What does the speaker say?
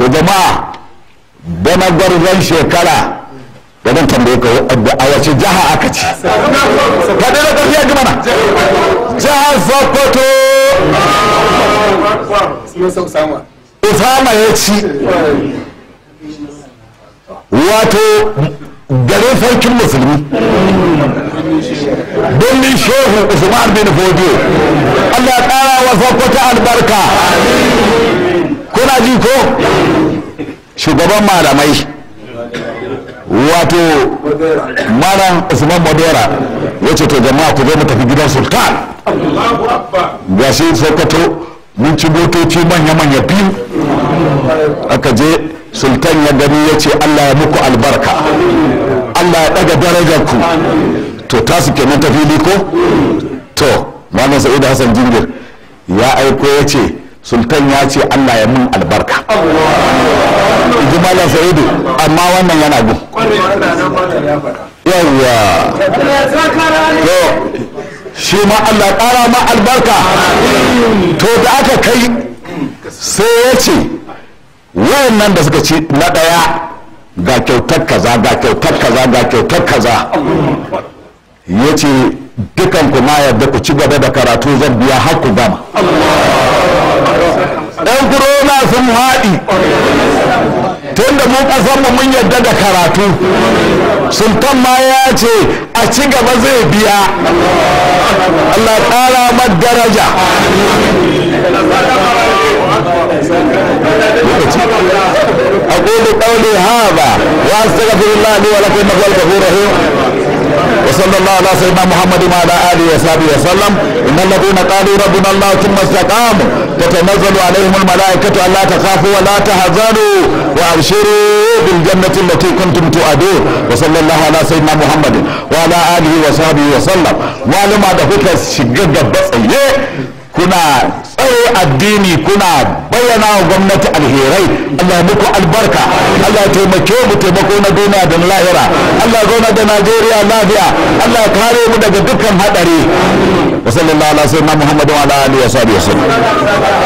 to jama'a da na gwarzon shekara da nan tambaye ka a wace jaha aka ce ka da na ƙarfi ji mana jihar sokoto usama ya ci wato garin farkin musulmi birnin shehu usman bin fodiyo allah ya ƙara wa sokoto albarka ana ji ko shugaban malamai wato malam usman madora ya ce to jama'a ku zo mu tafi gidan sultan ga shi sokoto mun ci motoci manya-manya biyu aka je sultan ya gani ya ce allah ya muku albarka allah ya daga darajar ku to tasu kenan ta fili ko to malam sa'idu hassan jingir ya aiko ya ce sultan ya ce allah ya mun albarka ji malam sa'idu amma wannan yana gun yawwa to shi ma allah ƙara ma albarka to da aka kai sai ya ce wayannan da suka ci na ɗaya ga kyautar kaza ga kyautar kaza ga kyautar kaza ya ce dukan ku yadda yarda ku ci gaba da karatu zan biya har ku gama sun haɗi tun da mu mun yadda da karatu sultan ma ya ce a ci gaba zai biya Allah ƙara mar daraja أقول صلى الله على سيدنا محمد وعلى اله وصحبه وسلم ان الذين قالوا ربنا الله ثم استقاموا تتنزل عليهم الملائكه الا تخافوا ولا تحزنوا وابشروا بالجنه التي كنتم تؤدون وصلى الله على سيدنا محمد وعلى اله وصحبه وسلم وعلى ما kuka shiga gaba كنا tsaye addini kuna bayyana wa gwamnati alherai Allah muku albarka Allah taimake mu taimako na duniya da lahira Allah zauna da Najeriya lafiya Allah kare mu daga dukkan hadari wa sallallahu alaihi wa sallam Muhammadu wa alihi wa sahbihi